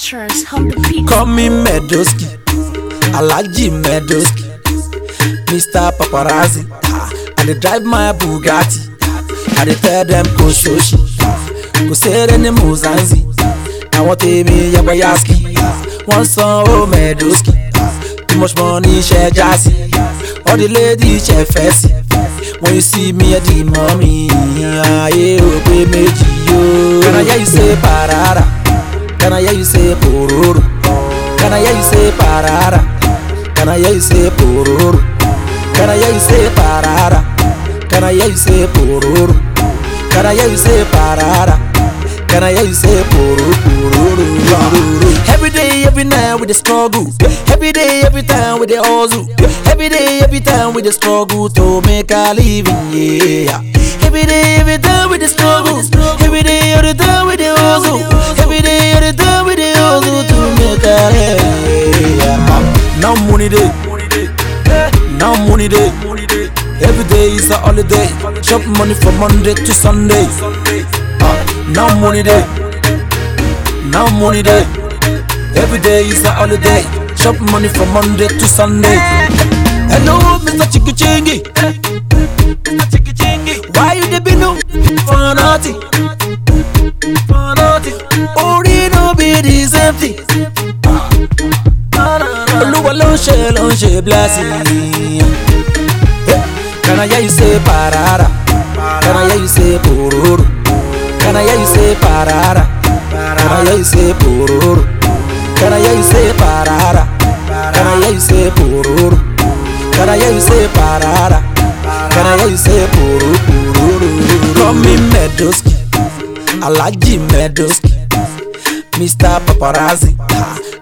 Veterans Call me Medoski, Alaji Medoski, Mr. Paparazzi. I dey drive my Bugatti. I dey tell them go sushi, go sell serene Mozanzi. I want to be boyaski, one song oh Medoski. Too much money, share jazzy. All the ladies, share fancy. When you see me at the mommy, I hear you pay me. When I hear you say you say pororo? Can I hear you parara? Can I se you say pororo? Can I hear you parara? Can I hear you pororo? Can parara? Can I hear you pororo? Every day, every night with the struggle. Every day, every time with the hustle. Every day, every time with the struggle to make a living. Yeah. Now money day. Now money day. Every day is a holiday. Chop money from Monday to Sunday. Uh, now money day. Now money day. Every day is a holiday. Chop money from Monday to Sunday. Hello, Mr. Chicky Chingy. Why you the binu? For nothing. For nothing. Oh, no, be is empty. longe, longe, blessing. Yeah. Can I hear you say parara? Can I hear you say pororo? Can I hear you say parara? Can I hear you say pororo? Can I hear you say parara? Can I hear you say pororo? Can I hear you say parara? Can I hear you say pororo? Tommy Medoski, Alaji Medoski, Mr. Paparazzi.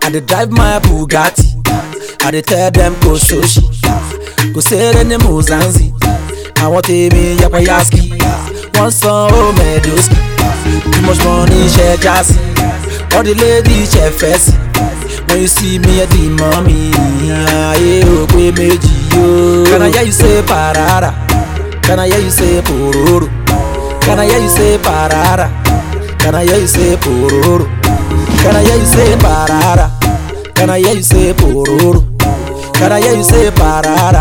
I drive my Bugatti. I dey tell them kò ṣòṣì kò ṣeré ní Mozambique àwọn tèmi yapayaski wọ́n san ó mẹ́dọ́sì too much money ṣe já all the ladies ṣe fẹ́ when you see me ẹ di mọ́ mi ayé ò pé méjì yó. Can I hear you say parara? Can I hear you say pororo? Can I hear you say parara? Can I hear you say pororo? Can I hear you say parara? Can I hear you say pororo? Can I hear you say parara?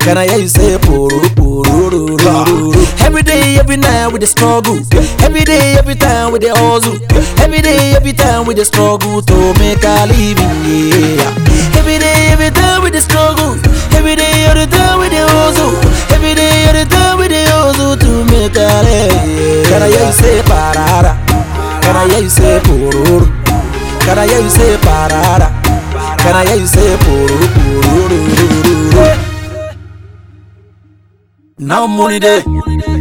Can I hear you say puru puru yeah. Every day, every night with the struggle. Every day, every time with the hustle. Every day, every time with the struggle to make a living. Yeah. Every day, every time with the struggle. Every day, every time with the hustle. Every day, every time with the hustle to make a living. Can I hear you say parara? Can I hear you say puru? Can I hear you say parara? Can I hear you say puru? なんもにで f n t i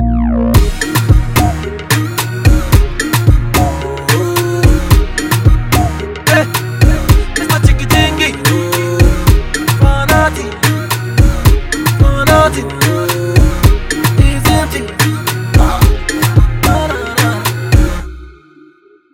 Fanati